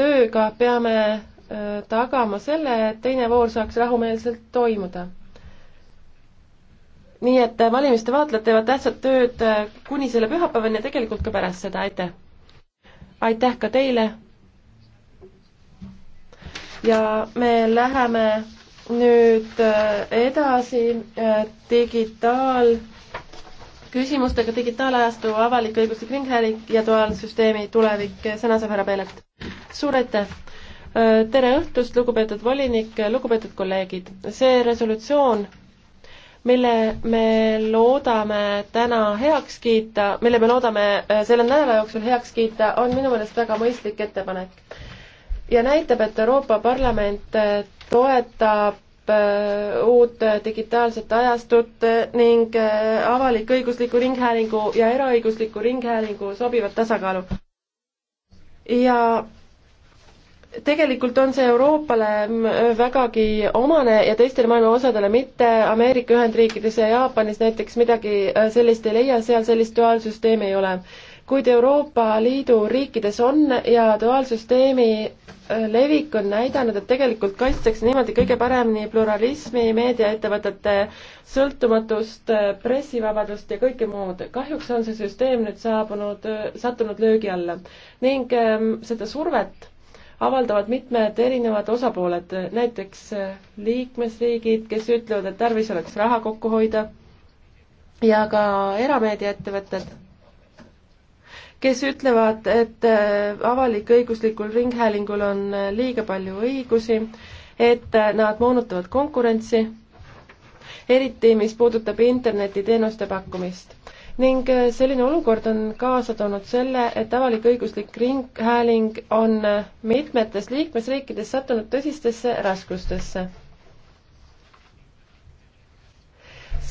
tööga peame tagama selle, et teine voor saaks rahumeelselt toimuda. nii et valimiste vaatlejad teevad tähtsat tööd kuni selle pühapäevani ja tegelikult ka pärast seda, aitäh! aitäh ka teile! ja me läheme nüüd edasi digitaal küsimustega digitaalajastu avalik-õiguslik ringhääling ja toalsüsteemi tulevik, sõna saab härra Peelet suur aitäh! tere õhtust, lugupeetud volinik, lugupeetud kolleegid! see resolutsioon, mille me loodame täna heaks kiita, mille me loodame selle nädala jooksul heaks kiita, on minu meelest väga mõistlik ettepanek. ja näitab, et Euroopa Parlament toetab uut digitaalset ajastut ning avalik-õigusliku ringhäälingu ja eraõigusliku ringhäälingu sobivat tasakaalu. ja tegelikult on see Euroopale vägagi omane ja teistele maailma osadele mitte, Ameerika Ühendriikides ja Jaapanis näiteks midagi äh, sellist ei leia, seal sellist duaalsüsteemi ei ole. kuid Euroopa Liidu riikides on ja duaalsüsteemi äh, levik on näidanud, et tegelikult kaitstakse niimoodi kõige paremini pluralismi, meediaettevõtete sõltumatust, äh, pressivabadust ja kõike muud. kahjuks on see süsteem nüüd saabunud, sattunud löögi alla ning ähm, seda survet avaldavad mitmed erinevad osapooled, näiteks äh, liikmesriigid, kes ütlevad, et tarvis oleks raha kokku hoida ja ka erameediaettevõtted, kes ütlevad, et äh, avalik-õiguslikul ringhäälingul on äh, liiga palju õigusi, et nad moonutavad konkurentsi, eriti mis puudutab internetiteenuste pakkumist ning äh, selline olukord on kaasa toonud selle, et avalik-õiguslik ringhääling on äh, mitmetes liikmesriikides sattunud tõsistesse raskustesse.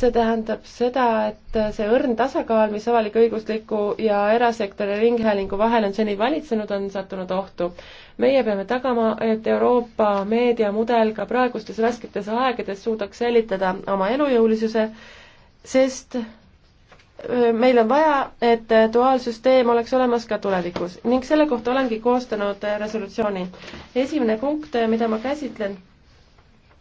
see tähendab seda, et äh, see õrn tasakaal, mis avalik-õigusliku ja erasektori ringhäälingu vahel on seni valitsenud, on sattunud ohtu. meie peame tagama, et Euroopa meediamudel ka praegustes rasketes aegades suudaks säilitada oma elujõulisuse, sest meil on vaja, et duaalsüsteem oleks olemas ka tulevikus ning selle kohta olengi koostanud resolutsiooni. esimene punkt, mida ma käsitlen,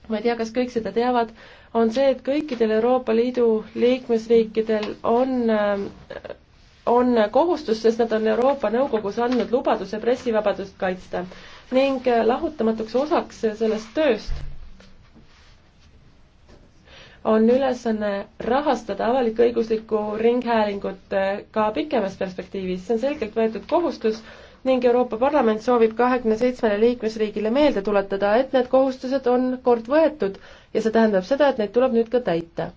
ma ei tea, kas kõik seda teavad, on see, et kõikidel Euroopa Liidu liikmesriikidel on, on kohustus, sest nad on Euroopa Nõukogus andnud lubaduse pressivabadust kaitsta ning lahutamatuks osaks sellest tööst on ülesanne rahastada avalik-õiguslikku ringhäälingut äh, ka pikemas perspektiivis, see on selgelt võetud kohustus ning Euroopa Parlament soovib kahekümne seitsmele liikmesriigile meelde tuletada, et need kohustused on kord võetud ja see tähendab seda, et neid tuleb nüüd ka täita.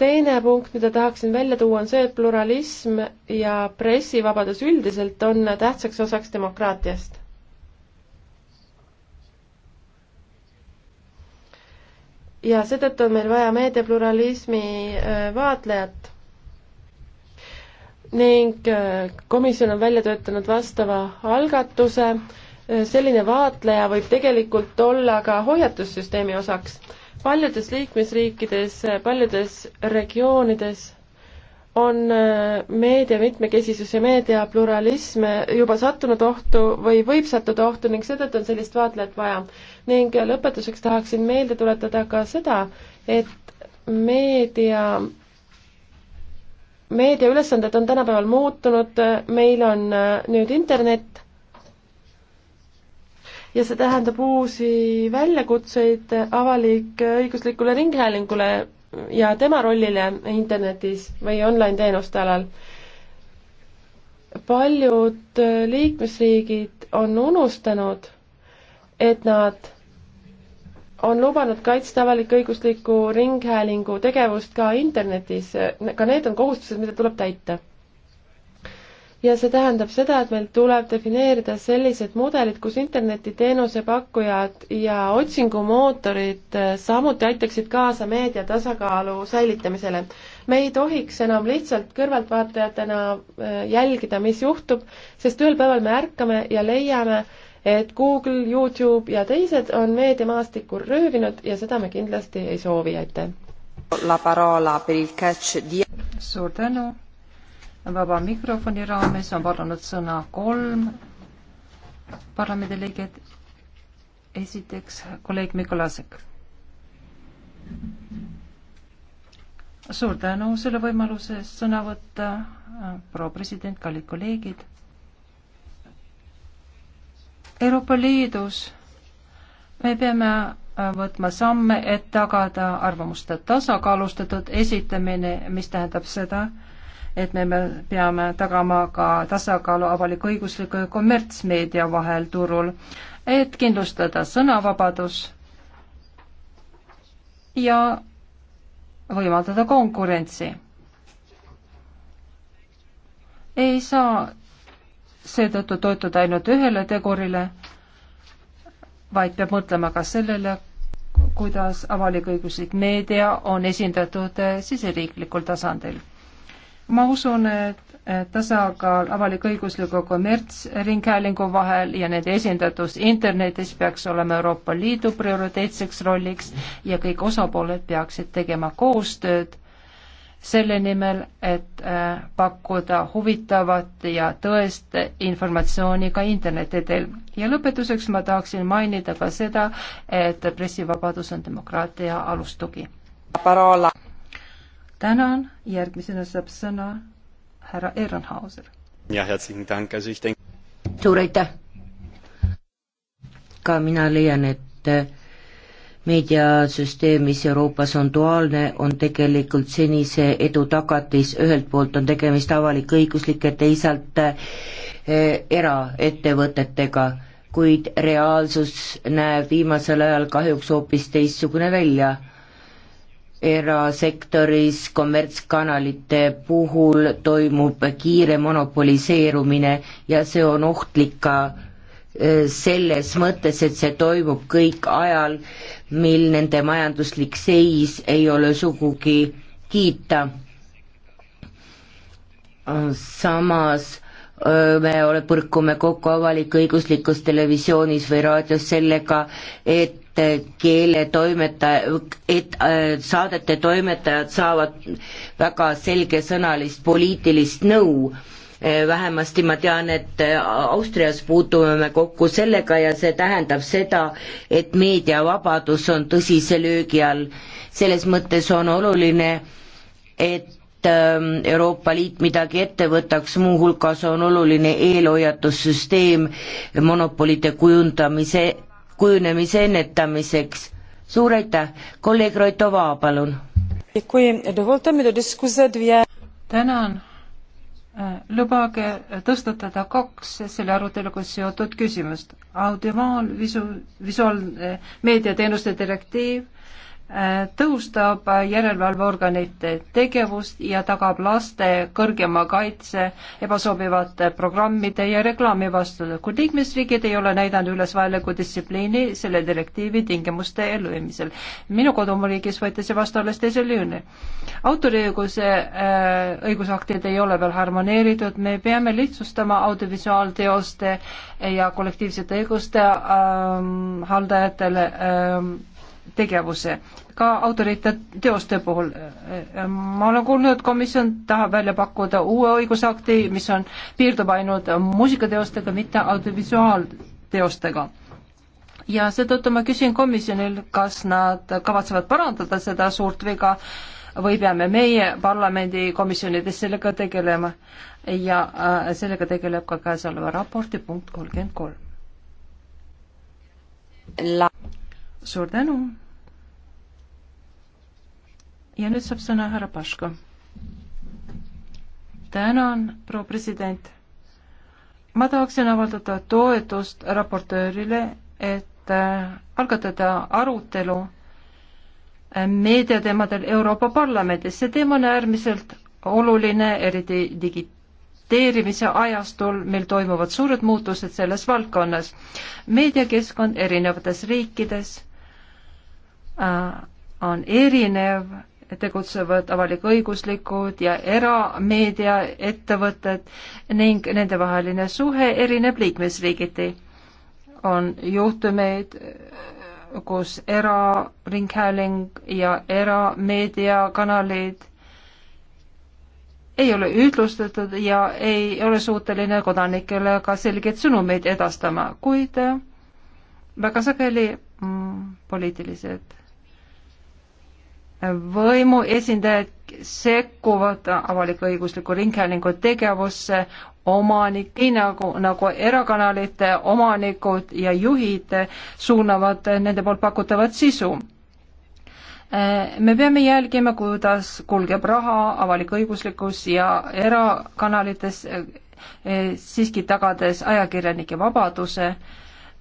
teine punkt, mida tahaksin välja tuua, on see, et pluralism ja pressivabadus üldiselt on tähtsaks osaks demokraatiast ja seetõttu on meil vaja meediapluralismi äh, vaatlejat ning äh, komisjon on välja töötanud vastava algatuse, äh, selline vaatleja võib tegelikult olla ka hoiatussüsteemi osaks. paljudes liikmesriikides, paljudes regioonides on äh, meedia mitmekesisus ja meedia pluralism äh, juba sattunud ohtu või võib sattuda ohtu ning seetõttu on sellist vaatlejat vaja. ning äh, lõpetuseks tahaksin meelde tuletada ka seda, et meedia, meedia ülesanded on tänapäeval muutunud, meil on nüüd internet ja see tähendab uusi väljakutseid avalik-õiguslikule ringhäälingule ja tema rollile internetis või online-teenuste alal. paljud liikmesriigid on unustanud, et nad on lubanud kaitsta avalik-õigusliku ringhäälingu tegevust ka internetis, ka need on kohustused, mida tuleb täita ja see tähendab seda, et meil tuleb defineerida sellised mudelid, kus internetiteenuse pakkujad ja otsingumootorid äh, samuti aitaksid kaasa meedia tasakaalu säilitamisele. me ei tohiks enam lihtsalt kõrvaltvaatajatena äh, jälgida, mis juhtub, sest ühel päeval me ärkame ja leiame, et Google, Youtube ja teised on meediamaastikku röövinud ja seda me kindlasti ei soovi, aitäh! suur tänu! vaba mikrofoni raames on palunud sõna kolm parlamendiliiget. esiteks kolleeg Mikolasek. suur tänu selle võimaluse eest sõna võtta, proua president, kallid kolleegid. Euroopa Liidus me peame võtma samme, et tagada arvamuste tasakaalustatud esitamine, mis tähendab seda, et me peame tagama ka tasakaalu avalik-õigusliku ja kommertsmeedia vahel turul, et kindlustada sõnavabadus ja võimaldada konkurentsi. ei saa seetõttu toetuda ainult ühele tegurile, vaid peab mõtlema ka sellele, kuidas avalik-õiguslik meedia on esindatud eh, siseriiklikul tasandil ma usun, et tasakaal avalik-õigusliku kommertsringhäälingu vahel ja nende esindatus internetis peaks olema Euroopa Liidu prioriteetseks rolliks ja kõik osapooled peaksid tegema koostööd selle nimel, et äh, pakkuda huvitavat ja tõest informatsiooni ka interneti teel. ja lõpetuseks ma tahaksin mainida ka seda, et pressivabadus on demokraatia alustugi tänan, järgmisena saab sõna härra Ehrenhauser. jah, herzlichen Dank, also ich denke suur aitäh! ka mina leian, et äh, meediasüsteem, mis Euroopas on duaalne, on tegelikult senise edu tagatis, ühelt poolt on tegemist avalik-õiguslike, teisalt äh, äh, eraettevõtetega, kuid reaalsus näeb viimasel ajal kahjuks hoopis teistsugune välja erasektoris kommertskanalite puhul toimub kiire monopoliseerumine ja see on ohtlik ka eh, selles mõttes, et see toimub kõik ajal, mil nende majanduslik seis ei ole sugugi kiita. samas eh, me põrkume kokku avalik-õiguslikus televisioonis või raadios sellega, et et keeletoimetaja, et äh, saadete toimetajad saavad väga selgesõnalist poliitilist nõu äh, vähemasti ma tean, et äh, Austrias puutume me kokku sellega ja see tähendab seda, et meediavabadus on tõsise löögi all. selles mõttes on oluline, et ähm, Euroopa Liit midagi ette võtaks, muuhulgas on oluline eelhoiatussüsteem monopolide kujundamise kujunemise ennetamiseks. suur aitäh, kolleeg Roitova, palun. tänan, äh, lubage tõstatada kaks selle aruteluga seotud küsimust. audiovisuaal, visu-, visuaalmeediateenuste äh, direktiiv tõhustab järelevalveorganite tegevust ja tagab laste kõrgema kaitse ebasobivate programmide ja reklaami vastu, kui liikmesriigid ei ole näidanud üles vajalikku distsipliini selle direktiivi tingimuste elluviimisel. minu kodumariigis võeti see vastu alles teisel juunil. autoriõiguse äh, õigusaktid ei ole veel harmoneeritud, me peame lihtsustama audiovisuaalteoste ja kollektiivsete õiguste äh, haldajatele äh, tegevuse, ka autorite teoste puhul. ma olen kuulnud, komisjon tahab välja pakkuda uue õigusakti, mis on, piirdub ainult muusikateostega, mitte audiovisuaalteostega. ja seetõttu ma küsin komisjonil, kas nad kavatsevad parandada seda suurt viga või peame meie parlamendikomisjonides sellega tegelema ja äh, sellega tegeleb ka käesoleva raporti punkt kolmkümmend kolm suur tänu. ja nüüd saab sõna härra Paško. tänan, proua president. ma tahaksin avaldada toetust raportöörile, et äh, algatada arutelu äh, meediateemadel Euroopa Parlamendis. see teema on äärmiselt oluline, eriti digi-, digiteerimise ajastul meil toimuvad suured muutused selles valdkonnas. meediakeskkond erinevates riikides Äh, on erinev, tegutsevad avalik-õiguslikud ja erameediaettevõtted ning nendevaheline suhe erineb liikmesriigiti. on juhtumeid, äh, kus eraringhääling ja erameediakanalid ei ole ühtlustatud ja ei ole suuteline kodanikele ka selgeid sõnumeid edastama, kuid äh, väga sageli mm, poliitilised võimu esindajad sekkuvad avalik-õigusliku ringhäälingu tegevusse, omanik, nii nagu, nagu erakanalite omanikud ja juhid suunavad nende poolt pakutavat sisu. me peame jälgima, kuidas kulgeb raha avalik-õiguslikus ja erakanalites, eh, eh, siiski tagades ajakirjanike vabaduse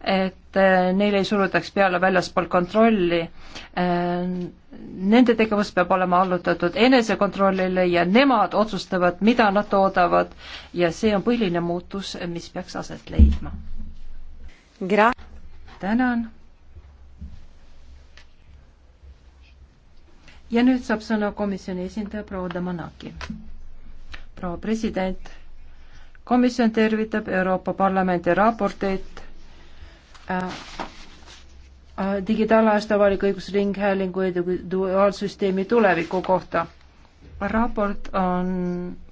et äh, neile ei surutaks peale väljaspool kontrolli. Ähm, nende tegevus peab olema allutatud enesekontrollile ja nemad otsustavad, mida nad toodavad ja see on põhiline muutus, mis peaks aset leidma. tänan. ja nüüd saab sõna komisjoni esindaja proua Damanaki. proua president, komisjon tervitab Euroopa Parlamendi raporteid Äh, äh, digitaalaasta avalik-õigusringhäälingu individuaalsüsteemi tuleviku kohta. raport on,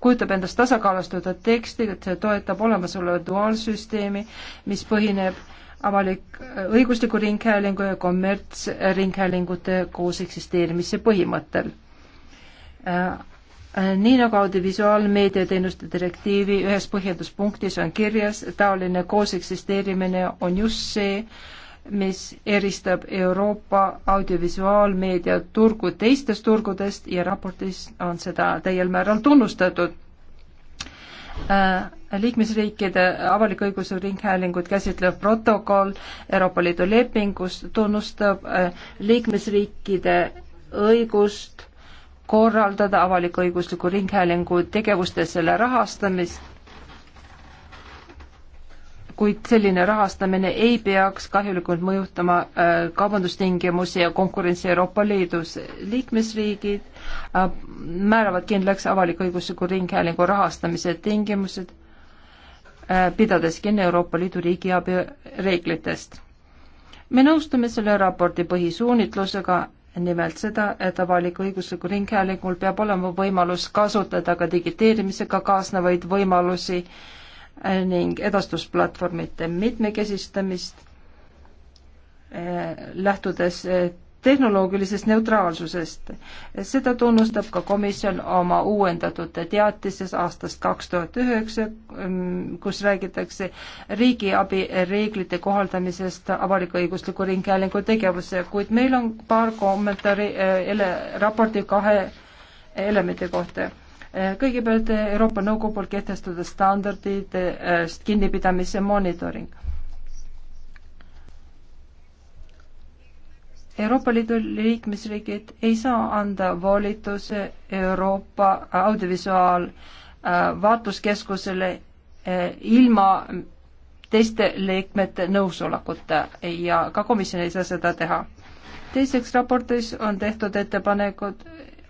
kujutab endast tasakaalustatud teksti, et see toetab olemasolevat duaalsüsteemi, mis põhineb avalik-õigusliku ringhäälingu ja kommertsringhäälingute koos eksisteerimise põhimõttel äh, Äh, nii nagu audiovisuaalmeedia teenuste direktiivi ühes põhjenduspunktis on kirjas, taoline kooseksisteerimine on just see, mis eristab Euroopa audiovisuaalmeedia turgu teistest turgudest ja raportis on seda täiel määral tunnustatud äh,. liikmesriikide avalik-õiguse ringhäälingut käsitlev protokoll Euroopa Liidu lepingus tunnustab äh, liikmesriikide õigust korraldada avalik-õigusliku ringhäälingu tegevust ja selle rahastamist, kuid selline rahastamine ei peaks kahjulikult mõjutama äh, kaubandustingimusi ja konkurentsi Euroopa Liidus. liikmesriigid äh, määravad kindlaks avalik-õigusliku ringhäälingu rahastamise tingimused, äh, pidades kinni Euroopa Liidu riigiabi reeglitest. me nõustume selle raporti põhisuunitlusega, nimelt seda, et avalik-õiguslikul ringhäälingul peab olema võimalus kasutada ka digiteerimisega kaasnevaid võimalusi ning edastusplatvormide mitmekesistamist, eh, lähtudes eh, tehnoloogilisest neutraalsusest. seda tunnustab ka komisjon oma uuendatud teatises aastast kaks tuhat üheksa, mm, kus räägitakse riigiabi reeglite kohaldamisest avalik-õigusliku ringhäälingu tegevuse, kuid meil on paar kommentaari eh, ele, raporti kahe elemendi kohta eh, kõigepealt Euroopa Nõukogu poolt kehtestada standardid eh, kinnipidamise monitoring Euroopa Liidu liikmesriigid ei saa anda volituse Euroopa audiovisuaalvaatluskeskusele äh, äh, ilma teiste liikmete nõusolekuta ja ka komisjon ei saa seda teha. teiseks raportis on tehtud ettepanekud,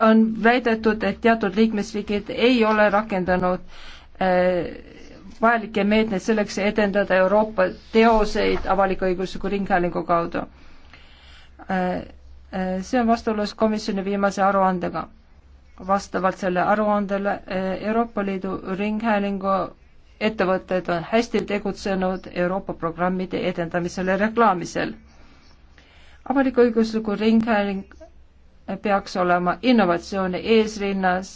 on väidetud, et teatud liikmesriigid ei ole rakendanud äh, vajalikke meetmeid selleks, et edendada Euroopa teoseid avalik-õigusliku ringhäälingu kaudu Äh, äh, see on vastuolus komisjoni viimase aruandega. vastavalt selle aruandele äh, Euroopa Liidu Ringhäälingu ettevõtted on hästi tegutsenud Euroopa programmide edendamisel ja reklaamisel. avalik-õigusliku ringhääling peaks olema innovatsiooni eesrinnas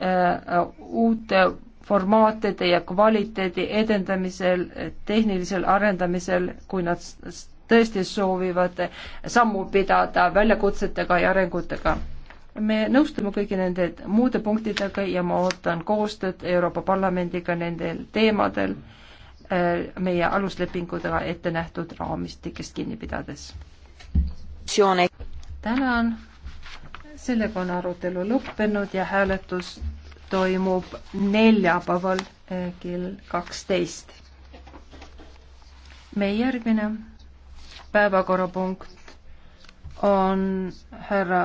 äh,, uute formaatide ja kvaliteedi edendamisel, tehnilisel arendamisel, kui nad tõesti soovivad sammu pidada väljakutsetega ja arengutega. me nõustume kõigi nende muude punktidega ja ma ootan koostööd Euroopa Parlamendiga nendel teemadel äh, meie aluslepingudega ette nähtud raamistikest kinni pidades. tänan, sellega on arutelu lõppenud ja hääletus toimub neljapäeval äh, kell kaksteist. meie järgmine päevakorrapunkt on härra